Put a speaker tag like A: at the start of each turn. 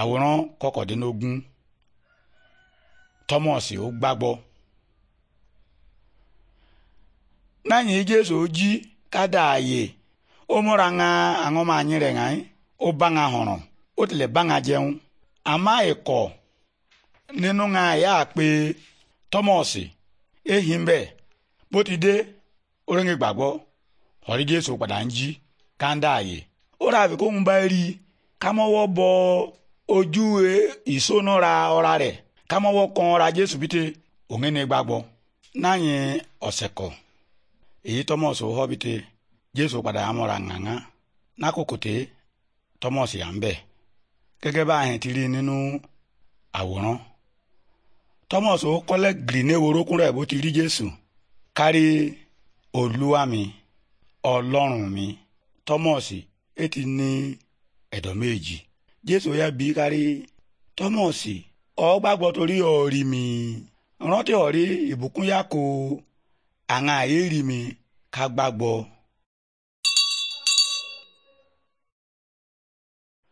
A: àwòrán kọkàndínlógún tọ́mọ̀sì ó gbàgbọ́ lẹ́yìn jésù ó jí kádà ààyè ó múra mụrụ àwọn ọmọ anyi rẹ̀ ŋan ó bá ŋa họ̀rọ̀ ó tilẹ̀ bá ŋa jẹun àmọ́ ẹ̀kọ́ nínú ŋa yà pé thomas ehin bẹ́ẹ̀ bó ti dé oríŋe gbàgbọ́ ọ̀rí jésù padà ń jí kádà ààyè ó rà ojú e, ìsonúra ọra rẹ̀ kámọ́wọ́ kan ọra jésù bìtẹ́ òun ní gbàgbọ́ náyìn ọ̀sẹ̀ kọ̀ èyí tọ́mọ̀sì ọ̀họ́ bìtẹ́ jésù padà amọ̀ra ńàngá nákòkò tẹ́ tọ́mọ̀sì à ń bẹ̀ gẹ́gẹ́ bá àyìn ti rí nínú àwòrán tọ́mọ̀sì ó kọ́lẹ̀ gírì ní ewúrókún bó ti rí jésù jésù ya bi kárí tọ́mọ̀sì ọ gbàgbọ́ torí ọ̀rí mi rántí ọ̀rí ìbùkún yá ko àwọn àyè rí mi ká gbàgbọ́.